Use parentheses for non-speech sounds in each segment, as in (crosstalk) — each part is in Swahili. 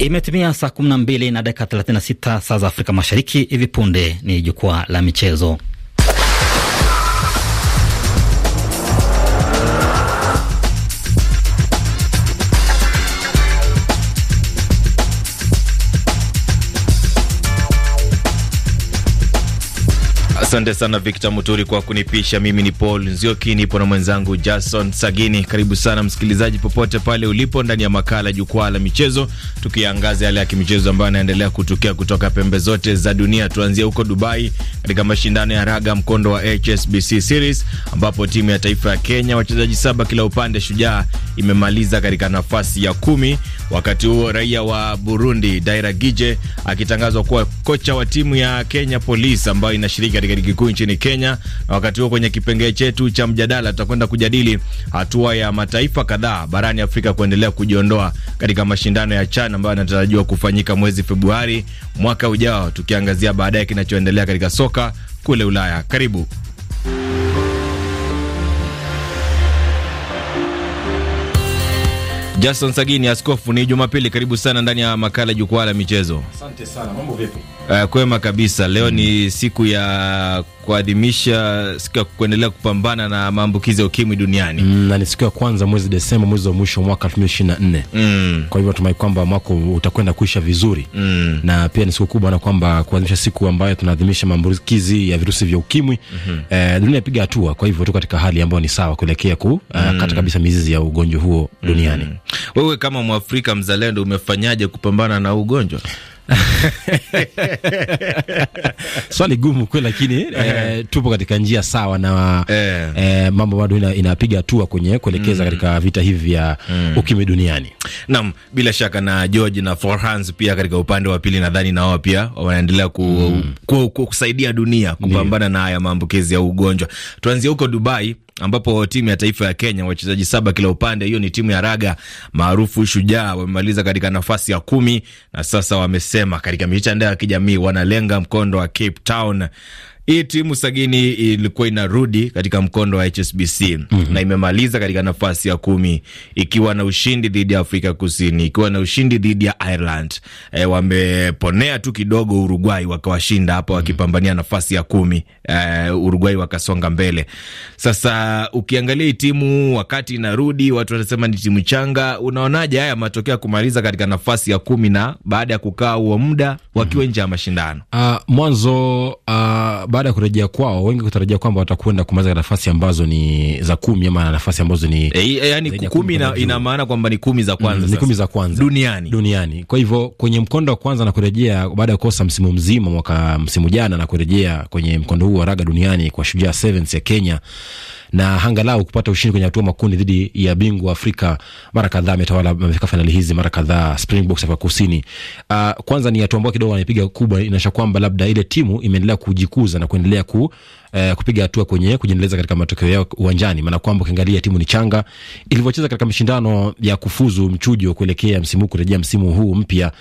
Imetimia saa 12 na dakika 36 saa za Afrika Mashariki. Hivi punde ni jukwaa la michezo. Asante sana Victor Muturi kwa kunipisha. Mimi ni Paul Nzioki, nipo na mwenzangu Jason Sagini. Karibu sana msikilizaji, popote pale ulipo, ndani ya makala Jukwaa la Michezo, tukiangaza yale ya kimichezo ambayo yanaendelea kutokea kutoka pembe zote za dunia. Tuanzie huko Dubai katika mashindano ya raga mkondo wa HSBC Series, ambapo timu ya taifa ya Kenya, wachezaji saba kila upande, Shujaa imemaliza katika nafasi ya kumi. Wakati huo raia wa Burundi Daira Gije akitangazwa kuwa kocha wa timu ya Kenya Police ambayo inashiriki katika ligi kuu nchini Kenya. Na wakati huo kwenye kipengee chetu cha mjadala, tutakwenda kujadili hatua ya mataifa kadhaa barani Afrika kuendelea kujiondoa katika mashindano ya CHAN ambayo yanatarajiwa kufanyika mwezi Februari mwaka ujao, tukiangazia baadaye kinachoendelea katika soka kule Ulaya. Karibu. Jason Sagini, askofu, ni Jumapili, karibu sana ndani ya makala jukwaa la michezo. Asante sana, mambo vipi? Uh, kwema kabisa. Leo ni siku ya kuadhimisha siku ya kuendelea kupambana na maambukizi ya ukimwi duniani mm, na ni siku ya kwanza mwezi Desemba, mwezi wa mwisho mwaka 2024 mm. Kwa hivyo natumai kwamba mwaka utakwenda kuisha vizuri mm. Na pia ni siku kubwa na kwamba kuadhimisha siku ambayo tunaadhimisha maambukizi ya virusi vya ukimwi mm -hmm. Eh, dunia ipiga hatua, kwa hivyo tu katika hali ambayo ni sawa kuelekea ku eh, mm. uh, kata kabisa mizizi ya ugonjwa huo mm. duniani mm. Wewe kama Mwafrika mzalendo umefanyaje kupambana na ugonjwa? (laughs) Swali gumu kweli, lakini e, tupo katika njia sawa na e. E, mambo bado inapiga ina hatua kwenye kuelekeza mm. katika vita hivi vya mm. ukimwi duniani. Naam, bila shaka na George na Forhans pia katika upande wa pili nadhani nao pia wanaendelea ku, mm. ku, ku, kusaidia dunia kupambana na haya maambukizi ya ugonjwa. Tuanzie huko Dubai ambapo timu ya taifa ya Kenya wachezaji saba kila upande, hiyo ni timu ya raga maarufu Shujaa, wamemaliza katika nafasi ya kumi na sasa wamesema katika mitandao ya kijamii wanalenga mkondo wa Cape Town hii timu sagini ilikuwa inarudi katika mkondo wa HSBC mm -hmm. na imemaliza katika nafasi ya kumi ikiwa na ushindi dhidi ya Afrika Kusini, ikiwa na ushindi dhidi ya Ireland. E, wameponea tu kidogo Uruguay wakawashinda hapa mhm. wakipambania nafasi ya kumi. E, Uruguay wakasonga mbele. Sasa ukiangalia hii timu wakati inarudi, watu watasema ni timu changa. Unaonaje haya matokeo ya kumaliza katika nafasi ya kumi na baada ya kukaa huo muda wakiwa mhm. nje ya mashindano? Uh, mwanzo uh, baada ya kurejea kwao, wengi kutarajia kwamba watakwenda kumaliza nafasi ambazo ni za kumi ama nafasi ambazo ni e, e, yani kumi, ina, ina maana kwamba ni kumi za kwanza mm, ni kumi za kwanza duniani duniani. Kwa hivyo kwenye mkondo wa kwanza na kurejea baada ya kukosa msimu mzima mwaka msimu jana na kurejea kwenye mkondo huu wa raga duniani kwa Shujaa Sevens ya Kenya na angalau kupata ushindi kwenye hatua makundi dhidi ya bingwa Afrika mara kadhaa. Ametawala, amefika fainali hizi mara kadhaa, Springboks Afrika Kusini. Uh, kwanza ni hatua ambayo kidogo amepiga kubwa, inaonyesha kwamba labda ile timu imeendelea kujikuza na kuendelea ku eh, kupiga hatua kwenye kujiendeleza katika matokeo yao uwanjani, maana kwamba ukiangalia timu ni changa ilivyocheza katika mashindano ya kufuzu mchujo kuelekea msimu huu, kurejea msimu huu mpya.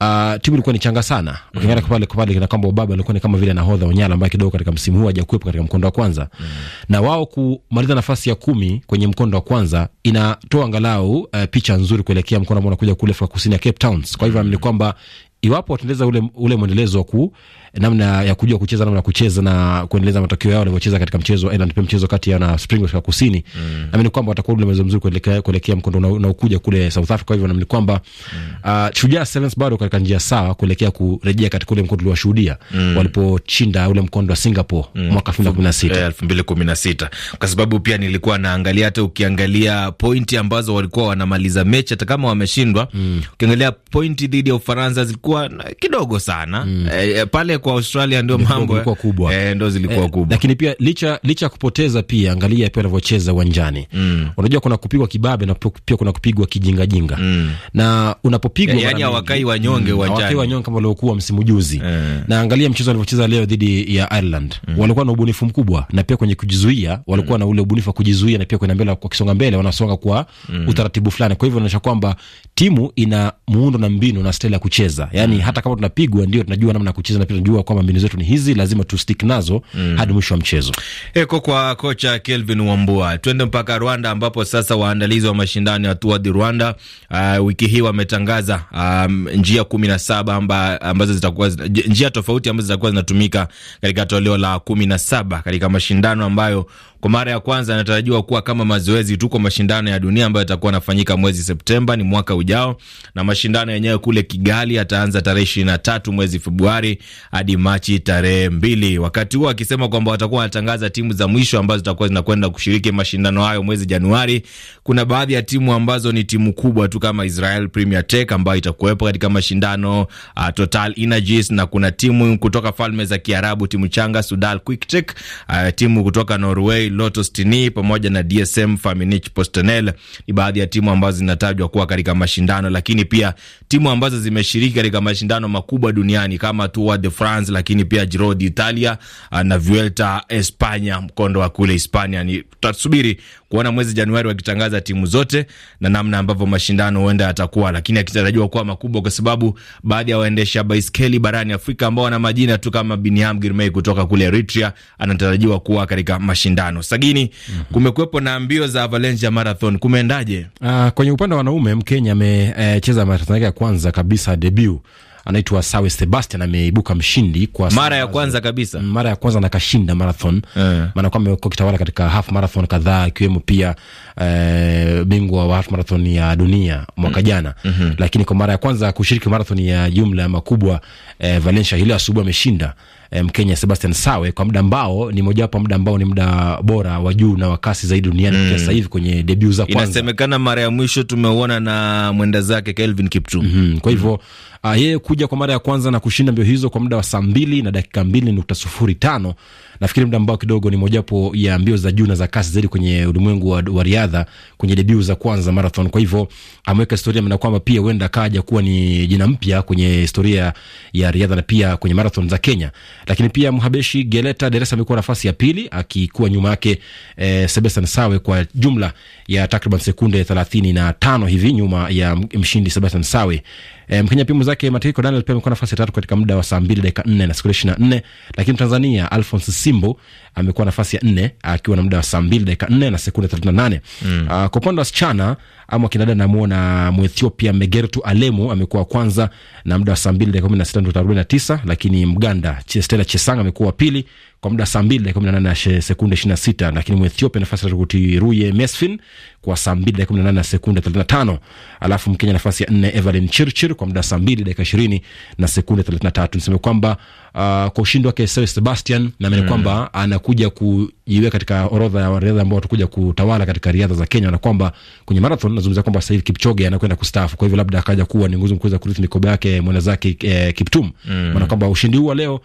Uh, timu ilikuwa ni changa sana mm-hmm. ukiangalia pale pale, na kwamba Obaba alikuwa ni kama vile nahodha Onyala ambaye kidogo katika msimu huu hajakuwepo katika mkondo wa kwanza mm. na wao kumaliza nafasi ya kumi kwenye mkondo wa kwanza inatoa angalau uh, picha nzuri kuelekea mkondo ambao unakuja kule Afrika Kusini ya Cape Towns. Kwa hivyo mm. ni kwamba iwapo wataendeleza ule, ule mwendelezo wa ku namna ya kujua kucheza, namna ya kucheza na kuendeleza matokeo yao walivyocheza katika mchezo wa eh, Ireland, pia mchezo kati yao na Springboks Afrika Kusini mm. naamini kwamba watakuwa na mchezo mzuri kuelekea kuelekea mkondo unaokuja kule South Africa. Kwa Hivyo naamini kwamba mm. uh, Shujaa Sevens bado katika njia sawa kuelekea kurejea katika ule mkondo uliowashuhudia mm. waliposhinda ule mkondo wa Singapore mm. mwaka 2016 2016, eh, kwa sababu pia nilikuwa naangalia, hata ukiangalia pointi ambazo walikuwa wanamaliza mechi hata kama wameshindwa mm. ukiangalia pointi dhidi ya Ufaransa zilikuwa kidogo sana mm. eh, eh pale kwa Australia ndio mambo yalikuwa kubwa, eh, ndio zilikuwa eh, kubwa eh, Lakini pia licha licha kupoteza pia, angalia pia wanavyocheza uwanjani. Mm. Unajua kuna kupigwa kibabe na pia kuna kupigwa kijinga jinga. Mm. Na unapopigwa eh, yani ya hawakai wanyonge uwanjani. mm, Hawakai wanyonge kama waliokuwa msimu juzi. Eh. Na angalia mchezo walivyocheza leo dhidi ya Ireland. Mm. Walikuwa na ubunifu mkubwa na pia kwenye kujizuia, walikuwa mm. na ule ubunifu wa kujizuia na pia kwenda mbele kwa kisonga mbele wanasonga kwa mm. utaratibu fulani. Kwa hivyo inaonyesha kwamba timu ina muundo na mbinu na staili ya kucheza. yani mm. hata kama tunapigwa ndio tunajua namna ya kucheza na pia tunajua tunajua kwamba mbinu zetu ni hizi, lazima tu stick nazo mm. hadi mwisho wa mchezo. Eko kwa kocha Kelvin Wambua. Twende mpaka Rwanda ambapo sasa waandalizi wa mashindano ya Tour du Rwanda uh, wiki hii wametangaza um, njia kumi na saba amba, ambazo zitakuwa njia tofauti ambazo zitakuwa zinatumika katika toleo la kumi na saba katika mashindano ambayo kwa mara ya kwanza anatarajiwa kuwa kama mazoezi tu kwa mashindano ya dunia ambayo yatakuwa yanafanyika mwezi Septemba ni mwaka ujao, na mashindano yenyewe kule Kigali yataanza tarehe ishirini na tatu mwezi Februari hadi Machi tarehe mbili, wakati huo akisema kwamba watakuwa wanatangaza timu za mwisho ambazo zitakuwa zinakwenda kushiriki mashindano hayo mwezi Januari. Kuna baadhi ya timu ambazo ni timu kubwa tu kama Israel Premier Tech ambayo itakuwepo katika mashindano uh, Total Energies, na kuna timu kutoka Falme za Kiarabu, timu changa Sudal Quick Tech, uh, timu kutoka Norway Lotto Stini e pamoja na DSM Faminich Postenel ni baadhi ya timu ambazo zinatajwa kuwa katika mashindano, lakini pia timu ambazo zimeshiriki katika mashindano makubwa duniani kama Tour de France, lakini pia Giro d'Italia ah, na Vuelta Espanya, mkondo wa kule Hispania. Ni tutasubiri kuona mwezi Januari wakitangaza timu zote na namna ambavyo mashindano huenda yatakuwa, lakini akitarajiwa kuwa makubwa, kwa sababu baadhi ya waendesha baiskeli barani Afrika ambao wana majina tu kama Biniam Girmay kutoka kule Eritrea anatarajiwa kuwa katika mashindano. Sagini, mm -hmm. kumekuwepo na mbio za Valencia Marathon, kumeendaje? Uh, kwenye upande wa wanaume Mkenya amecheza eh, uh, marathon yake ya kwanza kabisa debut anaitwa Sawe Sebastian ameibuka mshindi kwa mara ya kwanza kabisa, mm, mara ya kwanza nakashinda marathon yeah. Maana kwamba amekuwa kitawala katika half marathon kadhaa ikiwemo pia e, bingwa wa half marathon ya dunia mwaka mm. jana mm -hmm. Lakini kwa mara ya kwanza kushiriki marathon ya jumla makubwa e, Valencia hilo asubuhi ameshinda Mkenya Sebastian Sawe kwa muda ambao ni mojawapo muda ambao ni muda bora wa juu na wa kasi zaidi duniani mm. Sasa hivi kwenye debut za kwanza inasemekana mara ya mwisho tumeuona na mwenda zake Kelvin Kiptum mm -hmm. Kwa hivyo mm -hmm. Uh, yeye kuja kwa mara ya kwanza na kushinda mbio hizo kwa muda wa saa mbili na dakika mbili nukta sufuri tano nafikiri muda ambao kidogo ni mojapo ya mbio za juu na za kasi zaidi kwenye ulimwengu wa, wa riadha kwenye debu za kwanza za marathon. Kwa hivyo ameweka historia na kwamba pia huenda akaja kuwa ni jina mpya kwenye historia ya riadha na pia kwenye marathon za Kenya. Lakini pia Mhabeshi Geleta Deresa amekuwa nafasi ya pili akikuwa nyuma yake eh, Sebastian Sawe kwa jumla ya takriban sekunde thelathini na tano hivi nyuma ya mshindi Sebastian Sawe. E, Mkenya pia mwenzake Matiko Daniel pia amekuwa nafasi ya tatu katika muda wa saa mbili dakika nne na sekunde ishirini na nne lakini Tanzania Alphonse simbo amekuwa nafasi ya nne akiwa na muda wa saa mbili dakika nne na sekunde thelathini na nane. Mm. Ah, kwa upande wa wasichana ama kinadada namuona Mwethiopia Megertu Alemu amekuwa wa kwanza na muda wa saa mbili dakika kumi na sita nukta arobaini na tisa, lakini Mganda Stella Chesang amekuwa wa pili kwa muda saa mbili dakika kumi na nane na sekunde ishirini na sita lakini Mwethiopia nafasi ya Ruye Mesfin kwa saa mbili dakika kumi na nane na sekunde thelathini na tano alafu Mkenya nafasi ya nne Evelyn Chirchir kwa muda saa mbili dakika ishirini na sekunde thelathini na tatu Niseme kwamba uh, kwa ushindi wake Sewe Sebastian naamini mm, kwamba anakuja kujiweka katika orodha ya wanariadha ambao watakuja kutawala katika riadha za Kenya, na kwamba kwenye marathon nazungumzia kwamba sasa hivi Kipchoge anakwenda kustaafu, kwa hivyo labda akaja kuwa ni nguzo mkuweza kurithi mikoba yake mwanazake eh, Kiptum mm, maana kwamba ushindi huu wa leo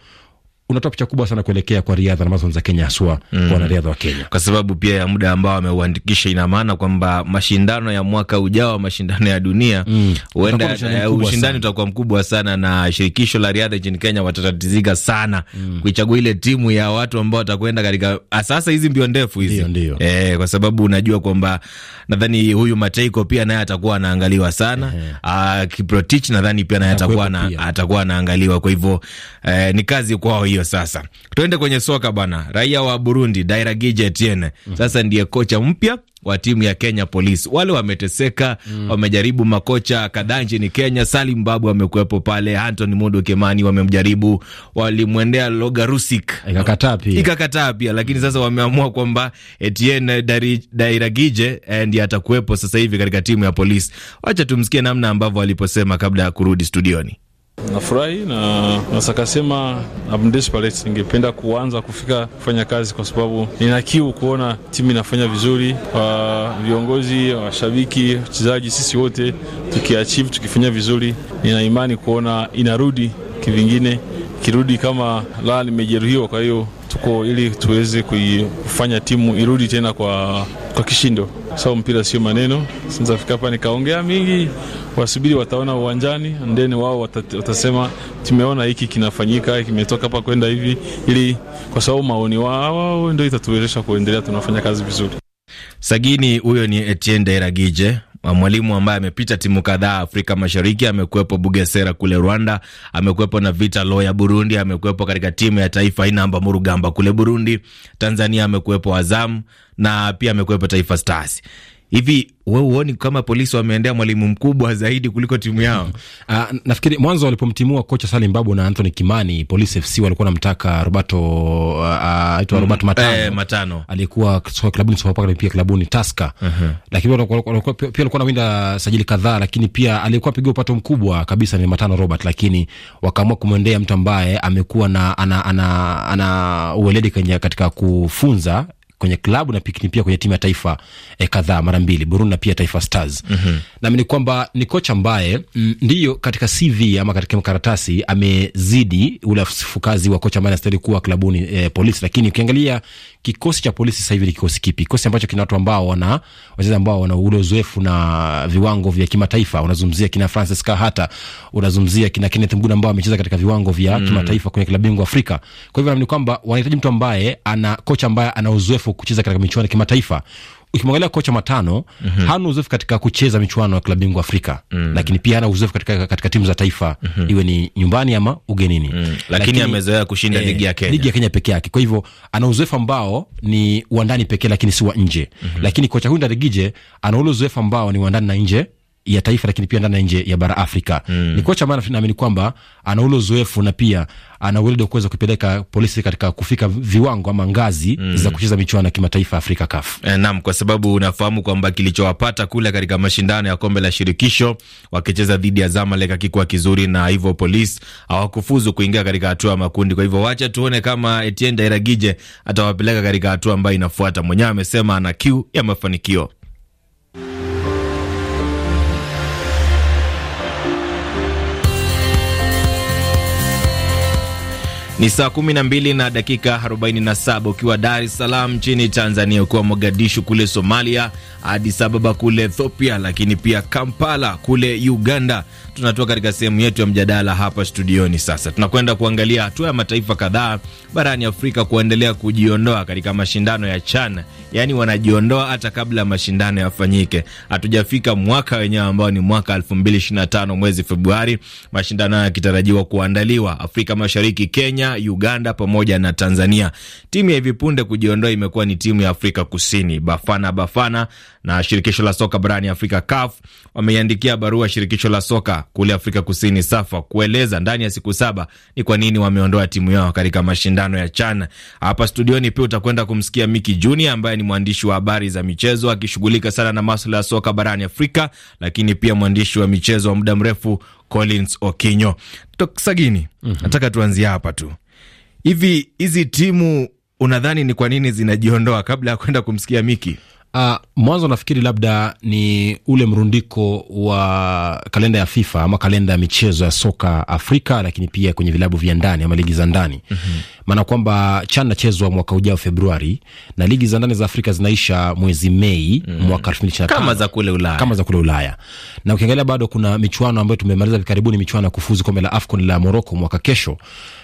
unatoa picha kubwa sana kuelekea kwa riadha na mashindano za Kenya haswa mm. kwa wanariadha wa Kenya, kwa sababu pia ya muda ambao wameuandikisha. Ina maana kwamba mashindano ya mwaka ujao, mashindano ya dunia, mm. huenda mm. ushindani eh, utakuwa mkubwa sana, na shirikisho la riadha nchini Kenya watatatizika sana mm. kuichagua ile timu ya watu ambao watakwenda katika ah, sasa hizi mbio ndefu hizi, ndio eh, kwa sababu unajua kwamba nadhani huyu Mateiko pia naye atakuwa anaangaliwa sana uh, Kiprotich nadhani pia naye atakuwa na, atakuwa anaangaliwa, kwa hivyo eh, ni kazi kwao hiyo hiyo sasa. Tuende kwenye soka bwana. Raia wa Burundi Dairagije Etienne sasa ndiye kocha mpya wa timu ya Kenya Police. Wale wameteseka, mm. wamejaribu makocha kadhaa nchini Kenya. Salim Babu amekuwepo pale, Anton Mundu Kemani wamemjaribu, walimwendea Loga Rusik ikakataa pia, ikakataa pia, lakini sasa wameamua kwamba Etienne Dairagije eh, ndiye atakuwepo sasa hivi katika timu ya Police. Wacha tumsikie namna ambavyo waliposema kabla ya kurudi studioni. Nafurahi na nasakasema Amdes Palace, ningependa kuanza kufika kufanya kazi kwa sababu nina kiu kuona timu inafanya vizuri, wa viongozi, washabiki, wachezaji, sisi wote tukiachieve, tukifanya vizuri, nina imani kuona inarudi kivingine, kirudi kama la limejeruhiwa, kwa hiyo tuko ili tuweze kufanya timu irudi tena kwa, kwa kishindo, sababu mpira sio maneno. Sinzafika hapa nikaongea mingi, wasubiri wataona uwanjani, ndeni wao watasema tumeona hiki kinafanyika, kimetoka hapa kwenda hivi, ili kwa sababu maoni wao ndio itatuwezesha kuendelea, tunafanya kazi vizuri. Sagini huyo ni Etienne Dairagije mwalimu ambaye amepita timu kadhaa Afrika Mashariki. Amekuwepo Bugesera kule Rwanda, amekuwepo na Vita Lo ya Burundi, amekuwepo katika timu ya taifa Inamba Murugamba kule Burundi. Tanzania amekuwepo Azam na pia amekuwepo Taifa Stars. Hivi we huoni kama polisi wameendea mwalimu mkubwa zaidi kuliko timu yao? Uh, (laughs) nafikiri mwanzo walipomtimua kocha Salim Babu na Anthony Kimani, polisi FC walikuwa wanamtaka Roberto uh, aitwa mm, Matano, eh, Matano aliyekuwa kutoka klabuni Sofapaka pia klabuni Taska uh -huh. Lakini pia alikuwa anawinda sajili kadhaa, lakini pia aliyekuwa apigia upato mkubwa kabisa ni Matano Robert, lakini wakaamua kumwendea mtu ambaye amekuwa na ana ana, ana, ana uweledi katika kufunza kwenye klabu na pikini pia kwenye timu ya taifa e, kadhaa mara mbili Burundi na pia Taifa Stars. mm -hmm. Nami ni kwamba ni kocha ambaye mm, ndiyo katika CV ama katika makaratasi amezidi ule sifu kazi wa kocha ambaye anastahili kuwa klabuni e, polisi, lakini ukiangalia kikosi cha polisi sasa hivi ni kikosi kipi? Kikosi ambacho kina watu ambao wana wachezaji ambao wana ule uzoefu na viwango vya kimataifa. Unazungumzia kina Francis Kahata, unazungumzia kina Kenneth Mbuna ambao amecheza katika viwango vya mm kimataifa kwenye klabu bingwa Afrika. Kwa hivyo naamini kwamba wanahitaji mtu ambaye ana kocha ambaye ana uzoefu uzoefu kucheza katika michuano ya kimataifa. Ukimwangalia kocha Matano mm -hmm. hana uzoefu katika kucheza michuano ya klabu bingwa Afrika mm -hmm. lakini pia hana uzoefu katika, katika timu za taifa mm -hmm. iwe ni nyumbani ama ugenini mm -hmm. lakini, lakini amezoea kushinda eh, ligi ya Kenya, ligi ya Kenya peke yake. Kwa hivyo ana uzoefu ambao ni wa ndani pekee, lakini si wa nje mm -hmm. lakini kocha huyu Ndarigije ana ule uzoefu ambao ni wa ndani na nje ya taifa, lakini pia ndani ya nje ya bara Afrika. Mm. Ni kocha maana naamini kwamba ana ule uzoefu na pia ana uwezo wa kuweza kupeleka polisi katika kufika viwango ama ngazi mm. za kucheza michuano ya kimataifa Afrika CAF. E, naam, kwa sababu unafahamu kwamba kilichowapata kule katika mashindano ya kombe la shirikisho wakicheza dhidi ya Zamalek akikuwa kizuri, na hivyo polisi hawakufuzu kuingia katika hatua ya makundi. Kwa hivyo wacha tuone kama Etienne Dairagije atawapeleka katika hatua ambayo inafuata. Mwenyewe amesema ana kiu ya mafanikio. Ni saa 12 na dakika 47 ukiwa Dar es Salaam nchini Tanzania, ukiwa Mogadishu kule Somalia, Addis Ababa kule Ethiopia, lakini pia Kampala kule Uganda tunatua katika sehemu yetu ya mjadala hapa studioni. Sasa tunakwenda kuangalia hatua ya mataifa kadhaa barani Afrika kuendelea kujiondoa katika mashindano ya CHAN, yaani wanajiondoa hata kabla ya mashindano yafanyike. Hatujafika mwaka wenyewe ambao ni mwaka 2025 mwezi Februari, mashindano yakitarajiwa kuandaliwa Afrika Mashariki, Kenya, Uganda pamoja na Tanzania. Timu ya hivi punde kujiondoa imekuwa ni timu ya Afrika Kusini. Bafana Bafana na shirikisho la soka barani Afrika CAF wameiandikia barua shirikisho la soka kule Afrika Kusini SAFA kueleza ndani ya siku saba ni kwa nini wameondoa timu yao katika mashindano ya CHAN. Hapa studioni pia utakwenda kumsikia Miki Junior ambaye ni mwandishi wa habari za michezo akishughulika sana na maswala ya soka barani Afrika, lakini pia mwandishi wa michezo wa muda mrefu Collins Okinyo. Tok Sagini, mm -hmm. Nataka tuanzie hapa tu hivi hizi timu unadhani ni kwa nini zinajiondoa kabla ya kwenda kumsikia Miki? Uh, ah, mwanzo nafikiri labda ni ule mrundiko wa kalenda ya FIFA ama kalenda ya michezo ya soka Afrika, lakini pia kwenye vilabu vya ndani ama ligi za ndani mhm. maana mm -hmm. kwamba CHAN nachezwa mwaka ujao Februari na ligi za ndani za Afrika zinaisha mwezi Mei mm -hmm. mwaka elfu mbili ishirini kama za kule Ulaya, kama za kule Ulaya. Na ukiangalia bado kuna michuano ambayo tumemaliza hivi karibuni, michuano ya kufuzu kombe la AFCON la Morocco mwaka kesho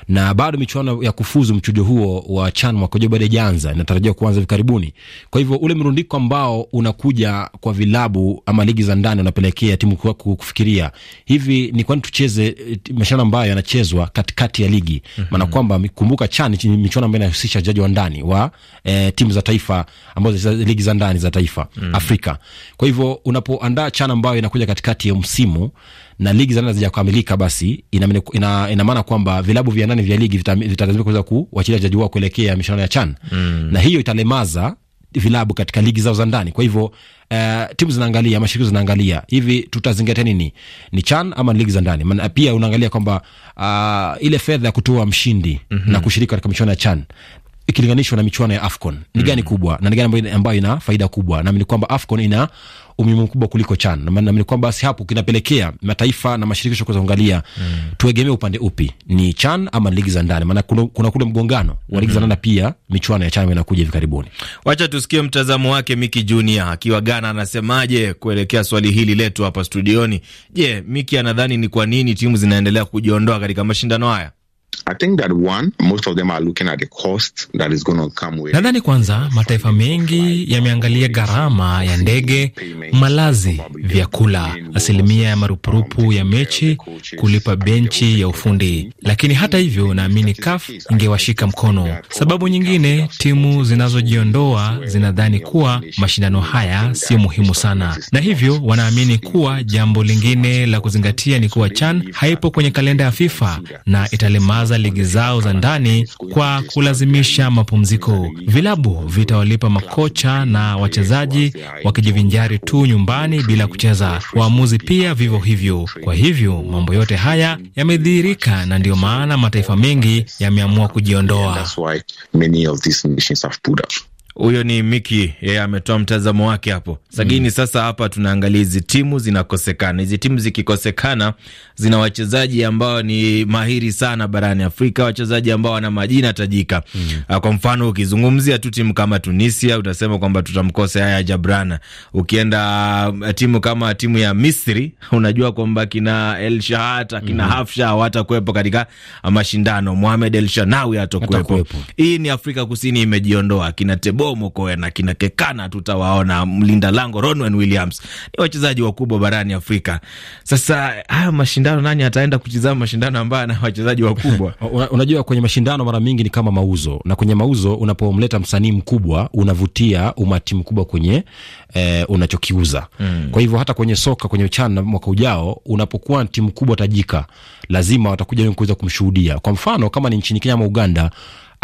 na bado michuano ya kufuzu mchujo huo wa CHAN mwaka ujao bado haijaanza, inatarajiwa kuanza hivi karibuni. Kwa hivyo ule mrundiko ambao unakuja kwa vilabu ama ligi za ndani unapelekea timu kufikiria hivi, ni kwani tucheze eh, mashindano ambayo yanachezwa katikati ya ligi? Mhm. Maana mm -hmm. kwamba kumbuka, CHAN ni michuano ambayo inahusisha wachezaji wa ndani wa e, timu za taifa ambazo ligi za ndani za taifa mm -hmm. Afrika. Kwa hivyo unapoandaa CHAN ambayo inakuja katikati ya msimu na ligi za ndani hazijakamilika, basi ina, ina, ina maana kwamba vilabu vya ndani vya ligi vitalazimika kuweza kuwachilia wachezaji wao kuelekea mishindano ya CHAN mm. na hiyo italemaza vilabu katika ligi zao za ndani. Kwa hivyo uh, timu zinaangalia, mashirika zinaangalia hivi, tutazingatia nini? Ni CHAN ama ligi za ndani? Maana pia unaangalia kwamba uh, ile fedha ya kutoa mshindi mm -hmm. na kushiriki katika michuano ya CHAN ikilinganishwa na michuano ya AFCON ni gani mm. kubwa na ni gani ambayo ina faida kubwa? Naamini kwamba AFCON ina umuhimu mkubwa kuliko CHAN. Naamini kwamba basi hapo kinapelekea mataifa na mashirikisho kuangalia mm. tuegemee upande upi, ni CHAN ama ligi za ndani, maana kuna, kuna kule mgongano wa ligi za mm-hmm. ndani, pia michuano ya CHAN inakuja hivi karibuni. Wacha tusikie mtazamo wake Miki Junior akiwa Ghana, anasemaje kuelekea swali hili letu hapa studioni. Je, Miki anadhani ni kwa nini timu zinaendelea kujiondoa katika mashindano haya? Nadhani kwanza mataifa mengi yameangalia gharama ya ndege, malazi, vyakula, asilimia ya marupurupu ya mechi, uh, kulipa benchi ya ufundi. Lakini hata hivyo, naamini CAF ingewashika mkono. Sababu nyingine, timu zinazojiondoa zinadhani kuwa mashindano haya sio muhimu sana, na hivyo wanaamini kuwa jambo lingine la kuzingatia ni kuwa CHAN haipo kwenye kalenda ya FIFA na italemaza kucheza ligi zao za ndani kwa kulazimisha mapumziko. Vilabu vitawalipa makocha na wachezaji wakijivinjari tu nyumbani bila kucheza, waamuzi pia vivyo hivyo. Kwa hivyo mambo yote haya yamedhihirika, na ndiyo maana mataifa mengi yameamua kujiondoa. Huyo ni Miki, yeye ametoa mtazamo wake hapo sagini. Mm. Sasa hapa tunaangalia hizi timu zinakosekana. Hizi timu zikikosekana, zina wachezaji ambao ni mahiri sana barani Afrika, wachezaji ambao wana majina tajika. Mm. Ah, kwa mfano ukizungumzia tu timu kama Tunisia utasema kwamba tutamkosa Yaya Jabrana. Ukienda ah, timu kama timu ya Misri (laughs) unajua kwamba kina El Shahat kina mm. Hafsha watakuwepo katika ah, mashindano. Mohamed El Shanawi hatakuwepo. Hii ni Afrika Kusini imejiondoa, kina Tebo Mbomo Koe na kina Kekana tutawaona, mlinda lango Ronwen Williams, ni wachezaji wakubwa barani Afrika. Sasa haya mashindano, nani ataenda kuchezama mashindano ambayo ana wachezaji wakubwa? (laughs) Unajua, kwenye mashindano mara mingi ni kama mauzo, na kwenye mauzo unapomleta msanii mkubwa unavutia umati mkubwa kwenye eh, unachokiuza mm. Kwa hivyo hata kwenye soka, kwenye CHAN mwaka ujao unapokuwa timu kubwa tajika, lazima watakuja kuweza kumshuhudia. Kwa mfano kama ni nchini Kenya ama Uganda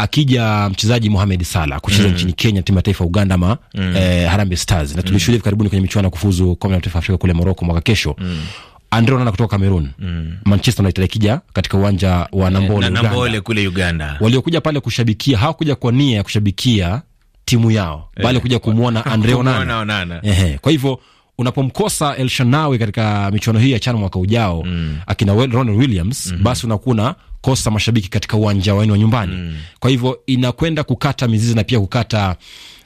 akija mchezaji Mohamed Salah kucheza mm. nchini Kenya, timu ya taifa Uganda ma mm. eh, Harambee Stars na tulishuhudia hivi mm. karibuni kwenye michuano ya kufuzu kombe la taifa Afrika kule Morocco mwaka kesho mm. Andre Onana kutoka Cameroon mm. Manchester United akija katika uwanja wa eh, Nambole, na Nambole kule Uganda, waliokuja pale kushabikia hawakuja kwa nia ya kushabikia timu yao eh, bali kuja kumwona (laughs) Andre Onana. Ehe, kwa hivyo unapomkosa Elshanawi katika michuano hii ya CHAN mwaka ujao mm. akina Ronald Williams mm -hmm. basi unakuna kukosa mashabiki katika uwanja wenu wa nyumbani mm. Kwa hivyo inakwenda kukata mizizi na pia kukata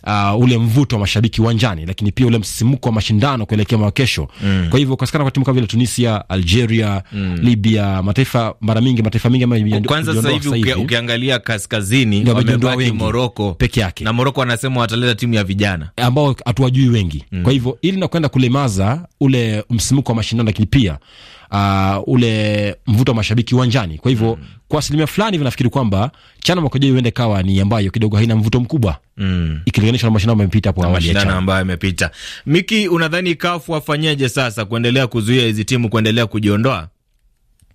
uh, ule mvuto wa mashabiki uwanjani, lakini pia ule msisimko wa mashindano kuelekea mwaka kesho mm. Kwa hivyo kosekana kwa timu kama vile Tunisia, Algeria mm. Libya, mataifa mara mingi mataifa mingi ambayo kwanza sasa hivi ukiangalia kaskazini wamebaki Moroko peke yake, na Moroko wanasema wataleta timu ya vijana ambao hatuwajui wengi mm. Kwa hivyo ili nakwenda kulemaza ule msisimko wa mashindano, lakini pia uh, ule mvuto wa mashabiki uwanjani. Kwa hivyo mm. kwa asilimia fulani vinafikiri kwamba chana mwaka ujao huenda ikawa ni ambayo kidogo haina mvuto mkubwa mm. ikilinganishwa na mashindano yamepita hapo awali ya chana ambayo yamepita. Miki, unadhani kafu wafanyaje sasa kuendelea kuzuia hizi timu kuendelea kujiondoa?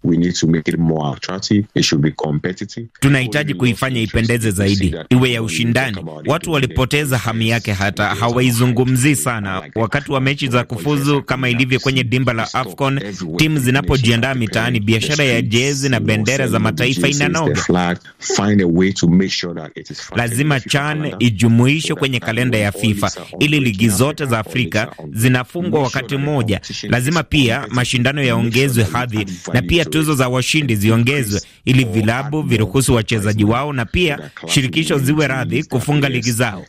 We need to make it more attractive. It should be competitive. Tunahitaji kuifanya ipendeze zaidi, iwe ya ushindani. Watu walipoteza hamu yake, hata hawaizungumzii sana wakati wa mechi za kufuzu. Kama ilivyo kwenye dimba la AFCON, timu zinapojiandaa mitaani, biashara ya jezi na bendera za mataifa inanoga. Lazima CHAN ijumuishwe kwenye kalenda ya FIFA ili ligi zote za Afrika zinafungwa wakati mmoja. Lazima pia mashindano yaongezwe hadhi na pia tuzo za washindi ziongezwe ili vilabu viruhusu wachezaji wao na pia shirikisho ziwe radhi kufunga ligi zao.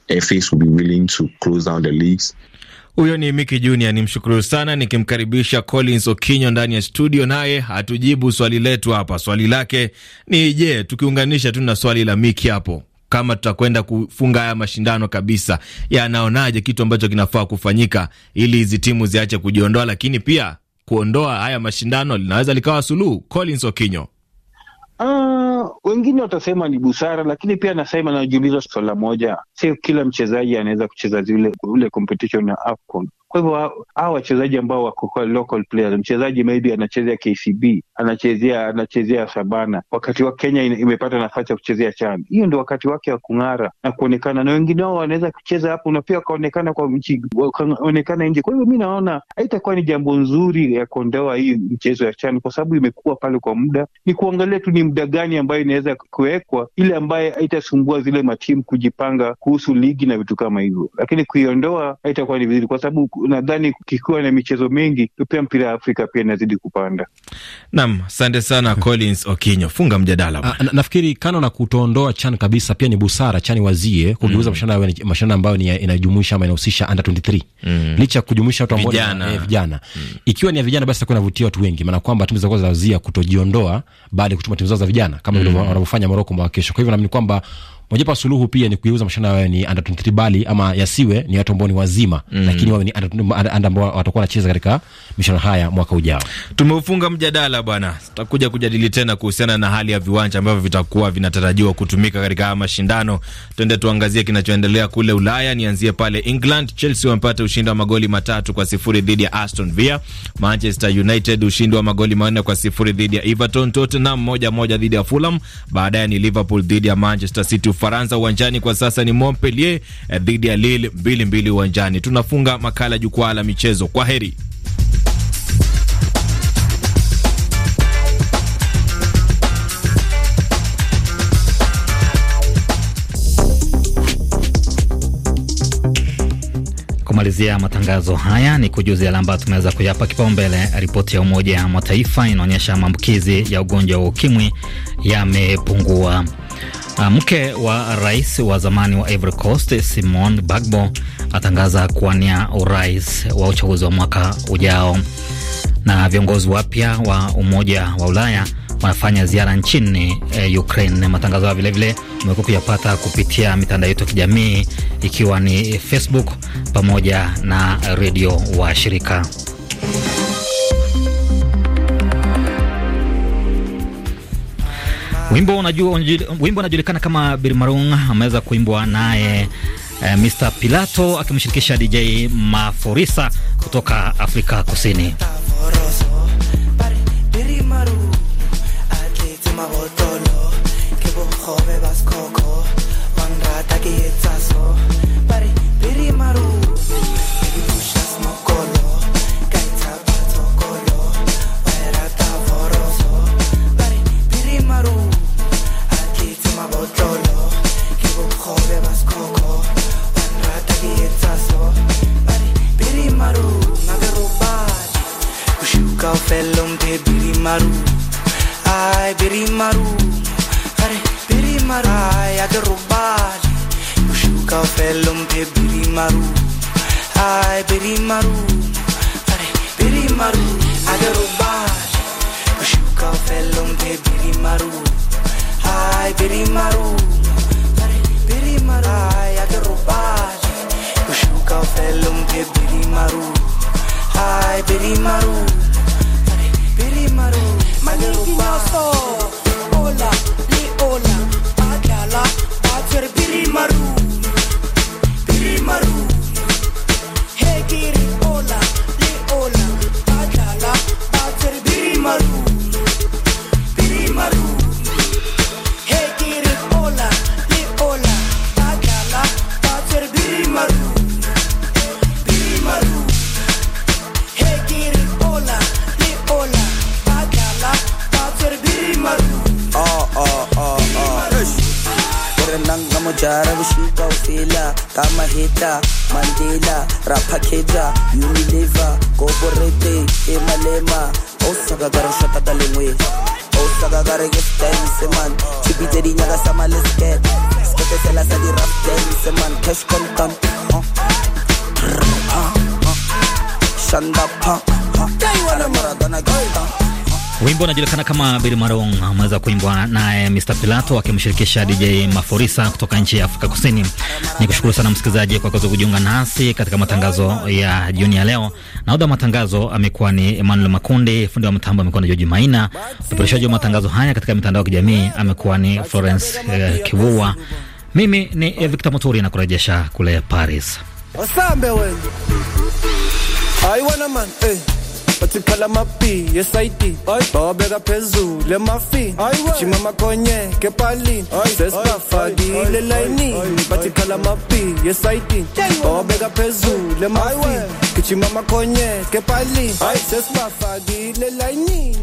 Huyo ni Miki Junior, ni mshukuru sana, nikimkaribisha Collins Okinyo ndani ya studio, naye hatujibu swali letu hapa. Swali lake ni je, tukiunganisha tu na swali la Miki hapo kama tutakwenda kufunga haya mashindano kabisa, yanaonaje kitu ambacho kinafaa kufanyika ili hizi timu ziache kujiondoa, lakini pia kuondoa haya mashindano linaweza likawa suluhu? Collins Okinyo. Uh wengine watasema ni busara, lakini pia nasema najiuliza swala moja, sio kila mchezaji anaweza kucheza zile ule competition ya AFCON. Kwa hivyo hawa wachezaji ambao wako local players, mchezaji maybe anachezea KCB, anachezea anachezea Sabana, wakati wa Kenya imepata nafasi ya kuchezea CHAN, hiyo ndio wakati wake wa kung'ara na kuonekana, na wengine wao wanaweza kucheza hapo na pia wakaonekana kwa nchi, wakaonekana nje. Kwa hivyo mi naona haitakuwa ni jambo nzuri ya kuondoa hii mchezo ya CHAN kwa sababu imekuwa pale kwa muda, ni kuangalia tu ni muda gani ambao ambayo inaweza kuwekwa ile ambaye haitasumbua zile matimu kujipanga kuhusu ligi na vitu kama hivyo, lakini kuiondoa haitakuwa ni vizuri, kwa sababu nadhani kikiwa na michezo mingi pia mpira ya Afrika pia inazidi kupanda. Naam, asante sana Collins Okinyo, funga mjadala. Ah, nafikiri kano na kutoondoa CHAN kabisa pia ni busara CHAN wazie kugeuza mm. mashindano ambayo inajumuisha ama inahusisha under 23 mm. licha ya kujumuisha watu ambao ni eh, vijana. Mm. ikiwa ni ya vijana basi takuwa inavutia watu wengi, maana kwamba timu zitakuwa zinawazia kutojiondoa, bali kutuma timu zao za vijana kama wanavyofanya mm. Moroko mwaka kesho. Kwa hivyo naamini kwamba Mojawapo suluhu pia ni kuiuza mashindano yawe ni under 23 bali ama yasiwe ni watu ambao ni wazima mm, lakini wawe ni under ambao watakuwa wanacheza katika mashindano haya mwaka ujao. Tumeufunga mjadala bwana, tutakuja kujadili tena kuhusiana na hali ya viwanja ambavyo vitakuwa vinatarajiwa kutumika katika haya mashindano. Tuende tuangazie kinachoendelea kule Ulaya. Nianzie pale England, Chelsea wamepata ushindi wa magoli matatu kwa sifuri dhidi ya Aston Villa. Manchester United ushindi wa magoli manne kwa sifuri dhidi ya Everton. Tottenham moja moja dhidi ya Fulham. Baadaye ni Liverpool dhidi ya Manchester City Ufaransa uwanjani kwa sasa ni Montpellier eh, dhidi ya Lille mbili mbili uwanjani. Tunafunga makala jukwaa la michezo. Kwa heri. Kumalizia matangazo haya ni kujuzi yale ambayo tumeweza kuyapa kipaumbele. Ripoti ya Umoja wa Mataifa inaonyesha maambukizi ya ugonjwa wa ukimwi yamepungua. Uh, mke wa rais wa zamani wa Ivory Coast Simon Bagbo atangaza kuwania urais wa uchaguzi wa mwaka ujao, na viongozi wapya wa Umoja wa Ulaya wanafanya ziara nchini e, Ukraine. Matangazo hayo vilevile umekuwa kuyapata kupitia mitandao yetu ya kijamii ikiwa ni Facebook pamoja na redio wa shirika Wimbo unajua wimbo unajulikana kama Birmarung ameweza kuimbwa naye eh, Mr Pilato akimshirikisha DJ Maforisa kutoka Afrika Kusini. maru ay biri maru are biri maru ay adarubali kushuka felum pe biri maru ay biri maru are biri maru adarubali kushuka felum pe biri maru ay biri maru are biri maru ay adarubali kushuka felum pe biri maru ay biri maru Pirimaro, Magnificoso Ola, li ola, adala, acer Pirimaru Pirimaru Hey, Giri Mandela, Mandela, Rapakeda, Unilever, Goborete, Emalema, Osaka Garashaka Dalingwe, Osaka Garagas Dance, man, Tibita Dinaga Sama Lesket, Skate Salasadi Rap Dance, man, Cash Contam, Shanda Punk, Maradona Gita. Wimbo unajulikana kama Bill Marong ameweza kuimbwa naye Mr Pilato akimshirikisha DJ Maforisa kutoka nchi ya Afrika Kusini. Ni kushukuru sana msikilizaji kwa kuweza kujiunga nasi katika matangazo ya jioni ya leo. Nahodha matangazo amekuwa ni Emmanuel Makundi, fundi wa mtambo amekuwa ni George Maina, upepereshaji wa matangazo haya katika mitandao ya kijamii amekuwa ni Florence eh, Kivua. Mimi ni eh, Victor Moturi na kurejesha kule Paris. wewe. Aiwana man, eh. othikhala amabi yesaidi oy bawabeka phezulu emafi jima amakonyeke epalini sesibafakile elayinini bathikhala amabi mama bawabeka phezulu emafi gijima amakonyeke epalini sesibafakile elayinini